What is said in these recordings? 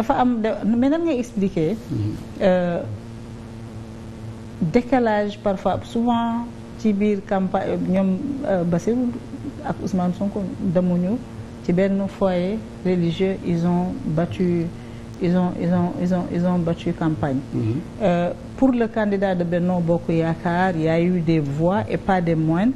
dafa am mais nan ngay expliquer mhm. euh, décalage parfois souvent ci biir campagne ñoom euh, Bassirou ak Ousmane Sonko demuñu ci benn foyer religieux ils ont battu ils ont ils ont ils campagne. Mm pour le candidat de Benno Bokk Yaakaar y eu des voix et pas des moindres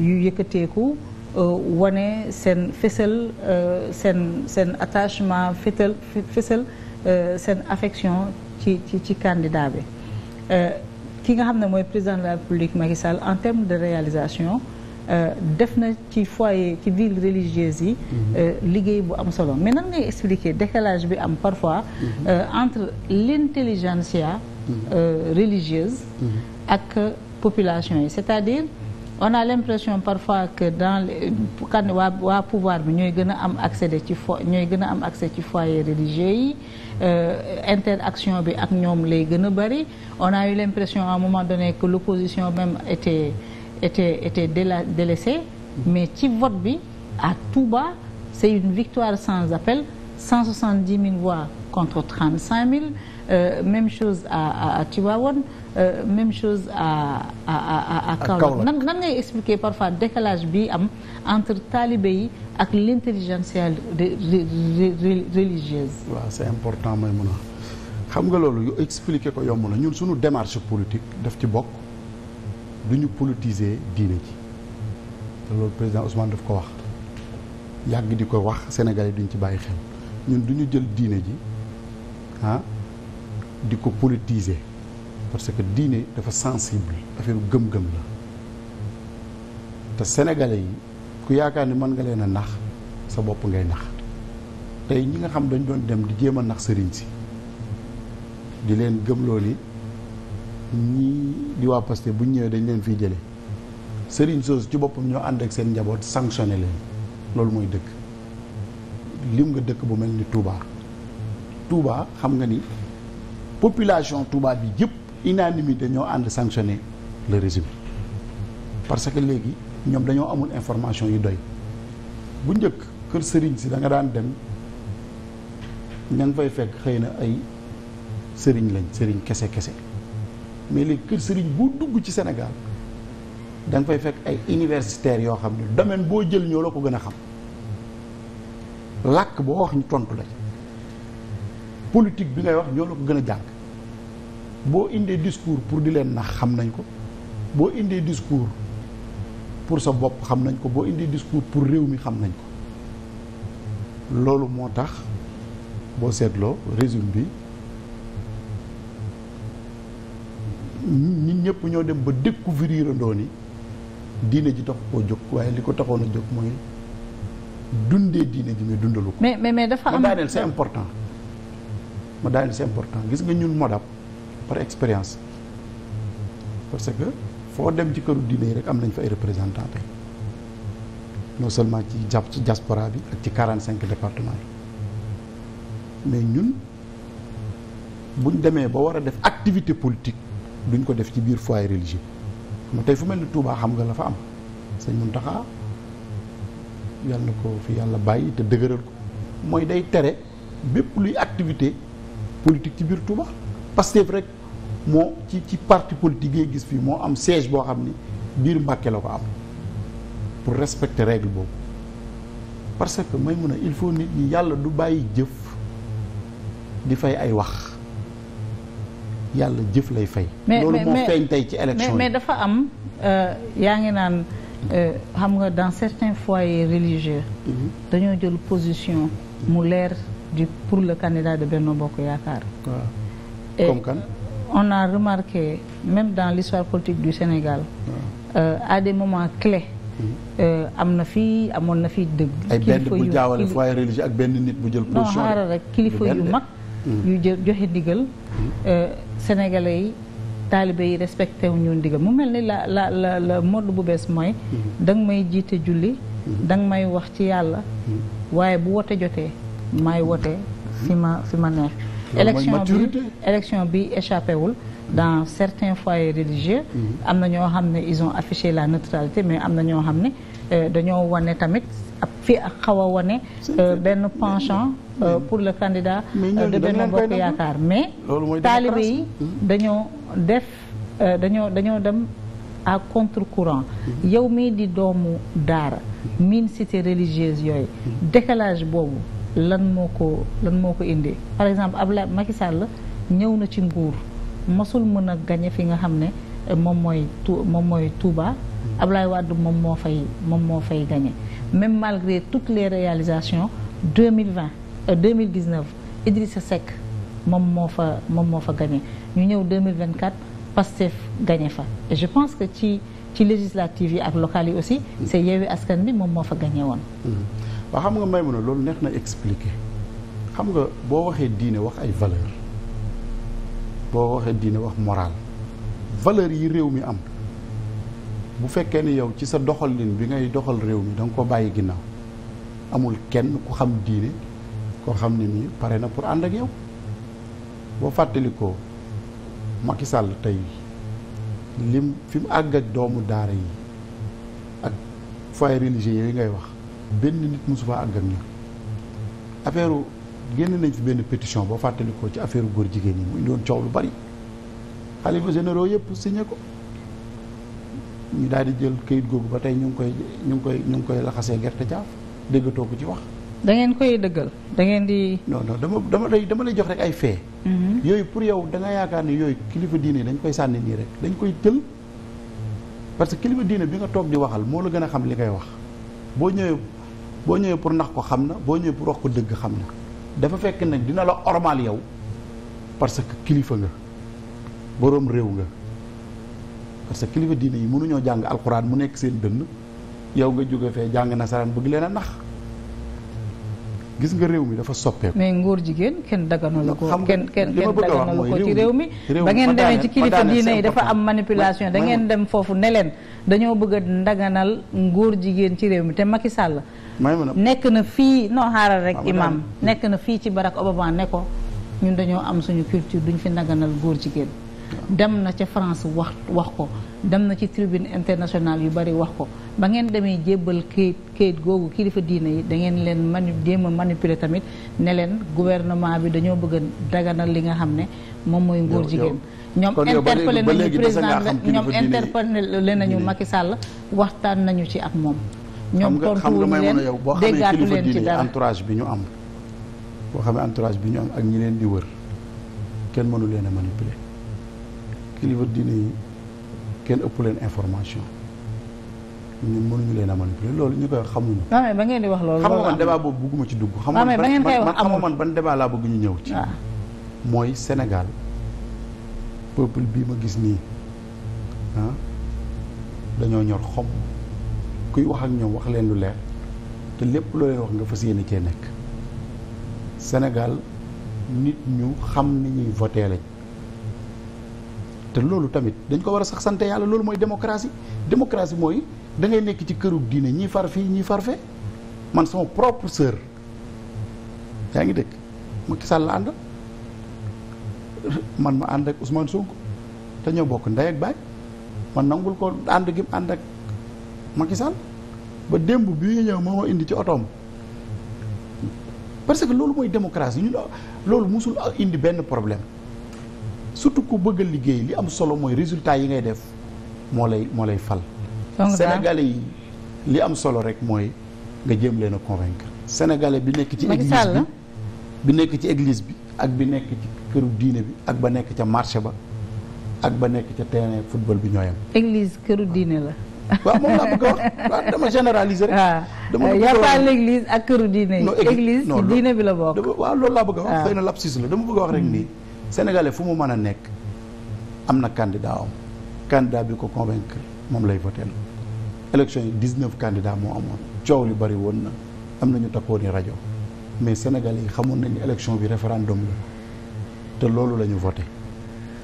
yu yëkkateeku. Euh, wane seen fësal euh, seen seen attachement fëtal fësal euh, seen affection ci ci ci candidat bi ki nga xam ne mooy président de la République Macky Sall en termes de réalisation def na ci foyer ci ville religieuse yi mhm. liggéey bu am solo mais nan ngay expliquer décalage bi am parfois mhm. entre l'intelligentsia mhm. religieuse ak population yi c'est-à-dire on a l'impression parfois que dans les kan waa waa pouvoir bi ñooy gën am accès ci fo ñooy gën a am accès ci foyer religieux yi euh, interaction bi ak ñoom lay gën a bari on a eu l'impression à un moment donné que l'opposition même était était était déla mais ci vote bi à Touba c'est une victoire sans appel 170 000 voix contre 35 000 euh, même chose à à à Tivaouane euh, même chose à à à à Kaolack nan nan ngay expliquer parfois décalage bi am entre taalibe yi ak l'intelligentsia religieuse. waaw c'est important mooy mun a xam nga loolu yu expliquer ko yomb na ñun suñu démarche politique daf ci bokk du ñu politiser diine ji te loolu président Ousmane daf ko wax yàgg di ko wax Sénégalais duñ ci bàyyi xel. ñun du ñu jël diine ji ah di ko politiser parce que diine dafa sensible affaire gëm-gëm la te sénégalais yi ku yaakaar ni mën nga leen a nax sa bopp ngay nax tey ñi nga xam dañ doon dem di jéem a nax sëriñ si di leen gëm ni ñii di waa Pastef bu ñu ñëwee dañ leen fiy jëlee sëriñ soosu ci boppam ñoo ànd ak seen njaboot sanctionné leen loolu mooy dëkk. lim nga dëkk bu mel ni Touba Touba xam nga ni population Touba bi yëpp unanimité ñoo ànd sanctionner le régime parce que léegi ñoom dañoo amul information yu doy bu njëkk kër sëriñ si da nga daan dem ña fay fekk xëy na ay sëriñ lañ sëriñ kese kese mais léegi kër sëriñ bu dugg ci Sénégal da nga fay fekk ay universitaires yoo xam ne domaine boo jël ñoo la ko gën a xam làkk boo wax ñu tontu la politique bi ngay wax ñoo la ko gën a jàng boo indee discours pour di leen nax xam nañ ko boo indee discours pour sa bopp xam nañ ko boo indee discours pour réew mi xam nañ ko loolu moo tax boo seetloo résumé bi nit ñëpp ñoo dem ba ku découvrir andoo ni diine ji tax koo jóg waaye li ko taxoon a jóg mooy dundee diine ji mais dundalu ko. mais mais mais dafa am ma daaneel c'est important ma daaneel c'est important gis nga ñun modab par expérience parce que foo dem ci këru diine yi rek am nañ fa ay représentant tey non seulement ci jàpp ci diaspora bi ak ci quarante cinq départements yi mais ñun buñ demee ba war a def activité politique duñ ko def ci biir foyer religieux ma tey fu mel ni tuubaa xam nga la fa am sëñ Mountakha yàlla ko fi yàlla bàyyi te dëgëral ko mooy day tere bépp luy activité politique ci biir Touba Pastef rek moo ci ci parti politique yi gis fii moo am siège boo xam ni biir Mbàkke la ko am pour respecter règle boobu parce que may mun a il faut nit ñi yàlla du bàyyi jëf di fay ay wax yàlla jëf lay fay. loolu moo mais mais dafa am euh, yaa ngi naan. Euh, xam nga dans certains foyers religieux mhm. dañoo jël position mu leer du pour le candidat de Benno Bokk Yaakaar comme kan on a remarqué même dans l'histoire politique du Sénégal euh, à des moments mhm. euh, am na fi amoon na fi dëgg ay ak benn nit bu jël position non xaaral rek kilifa yu mag mhm. yu joxe ndigal euh, sénégalais yi taalibe yi respecté wu ñu mu mel ni la la la la bu bees mooy mm-hmm. danga may jiite julli mm-hmm. danga may wax ci yàlla mm-hmm. waaye bu wote jotee may wote si ma fi ma neex élection bi élection bi échappé wul dans certains foyers religieux am na ñoo xam ne ils ont affiché la neutralité mais am na ñoo xam ne euh, dañoo wane tamit ab fi xaw a wane euh, benn penchant Euh, pour le candidat euh, de Benno Bokk Yaakaar mais taalibe yi hmm. dañoo def euh, dañoo dañoo dem à contre-courant hmm. yow mii di doomu daara miin cité religieuse yooyu hmm. décalage boobu lan moo ko lan moo ko indi par exemple Abdoulaye Macky Sall ñëw na ci nguur masul mën a gañe fi nga xam ne moom mooy tu moom mooy Touba Abdoulaye moom moo fay moom moo fay gañe même malgré toutes les réalisations 2020 Euh, deux 2019 Idrissa Seck moom moo fa moom moo fa gagné ñu ñëw 2024 Pastef gagné fa et je pense que ci ci législative yi ak locales yi aussi mm. c'est Yewwi Askan bi moom moo fa gagné woon mm-hmm. waaw xam nga may mun a loolu neex na expliquer xam nga boo waxee diine wax ay valeur boo waxee diine wax moral valeur yi réew mi am bu fekkee ni yow ci sa doxalin bi ngay doxal réew mi da ko bàyyi ginnaaw amul kenn ku xam diine koo xam ne nii pare na pour ànd ak yow boo fàttalikoo Macky Sall tey lim fi mu àgg ak doomu daara yi ak foyer religieux yooyu ngay wax benn nit mosu faa àgg ak ñoom affaire génn nañ fi benn pétition boo fàttalikoo ci affaire góor jigéen yi mu indi woon coow lu bari xalifa généraux yëpp signé ko ñu daal di jël kayit googu ba tey ñu ngi koy ñu ngi koy ñu ngi koy laxasee gerte caaf déggatoo ko ci wax. dangeen ngeen koy dëggal da ngeen di. non non dama dama lay dama lay jox rek ay fee. Mhm. yooyu pour yow da yaakaar ni yooyu kilifa diine dañ koy sànni nii rek dañ koy jël parce que kilifa diina bi nga toog di waxal moo la gën a xam li ngay wax boo ñëwee boo ñëwee pour nax ko xam na boo ñëwee pour wax ko dëgg xam na dafa fekk nag dina la ormal yow parce que kilifa nga boroom réew nga parce que kilifa diine yi mënuñoo jàng alxuraan mu nekk seen dënn yow nga jóge fee jàng nasaraan bëgg leen a nax. gis nga réew mi dafa soppeeku. mais ngóor jigéen kenn daganalu ko. kenn kenn kenn daganalu ko ci réew mi. ba ngeen demee ci kilifa na yi dafa am manipulation da ngeen dem foofu ne leen dañoo bëgg a ndaganal ngóor jigéen ci réew mi te Macky Sall. nekk na fii non xaaral rek imam nekk na fii ci Barack Obama ne ko ñun dañoo am suñu culture duñ fi ndaganal góor jigéen. dem na ca France wax wax ko dem na ci tribune internationale yu bari wax ko ba ngeen demee jébbal kayit kayit googu kilifa diine yi da ngeen leen mani jéem a manipuler tamit ne leen gouvernement bi dañoo bëgg a daganal li nga xam ne moom mooy ngóor jigéen ñoom interpellé nañu président ñoom interpellé nañu Macky Sall waxtaan nañu ci at moom ñoom tontuwuñu leen déggaatu leen ci dara entourage bi ñu am boo xamee entourage bi ñu am ak ñi leen di wër kenn mënu leen a manipuler kilifa diine yi kenn ëpp leen information ñun mënuñu leen a manipuler loolu ñu koy wax xamuñu. waaw ah, ba ngeen di wax loolu. xam nga man débat boobu bugguma ci dugg. xam ah, nga man man ban débat laa bëgg ñu ñëw ci. Ah. mooy Sénégal peuple bii ma gis nii dañoo ñor xom kuy wax ak ñoom wax leen lu leer te lépp loo leen wax nga fas yéene cee nekk Sénégal nit ñu xam ni ñuy voté te loolu tamit dañ ko war a sax sant yàlla loolu mooy démocratie démocratie mooy dangay nekk ci këru diine ñii far fii ñii far fee man sama propre sœur yaa ngi dëkk Macky Sall la ànd man ma ànd ak Ousmane Sonko te ñoo bokk ndey ak baay man nangul ko ànd gi ànd ak Macky ba démb bi ñëw moo indi ci otoom parce que loolu mooy démocratie ñu loolu musul indi benn problème surtout ku bëgg a liggéey li am solo mooy résultat yi ngay def moo lay moo lay fal. Sénégalais yi li am solo rek mooy nga jéem leen a convaincre. bi nekk ci église bi bi nekk ci église bi ak bi nekk ci këru diine bi ak ba nekk ca marché ba ak ba nekk ca terrain football bi ñooyam. église këru diine la. waaw moom laa bëgg a wax waaw dama généraliser rek. Ah. dama y ah, a pas l'église ak këru diine yi. église la bokk. waaw loolu laa bëgg a wax ah. xëy na la dama bëgg a wax rek mm. nii. sénégalais fu mu mën a nekk am na candidat am candidat bi ko convaincre moom lay voté élection yi dix-neuf candidats moo amoon coow li bari woon na am na ñu takkoo ni rajo mais sénégal yi xamoon nañu élection bi référendum la te loolu la ñu voté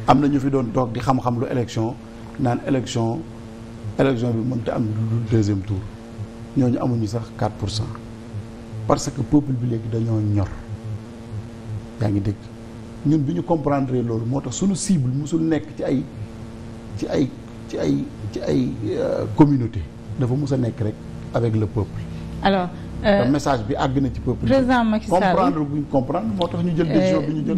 am na ñu fi doon toog di xam-xam lu élection naan élection élection bi mën mënta am lu deuxième tour ñooñu amuñu sax 4 pour cent parce que peuple bi léegi dañoo ñor yaa ngi dégg. ñun bi ñu comprendre loolu moo tax suñu cible mosul nekk ci ay ci ay ci ay ci ay euh, communauté dafa mus a nekk rek avec le peuple. alors euh, message bi àgg na ci peuple. président Macky Sall comprendre bu ñu comprendre moo tax ñu jël décision bi ñu jël.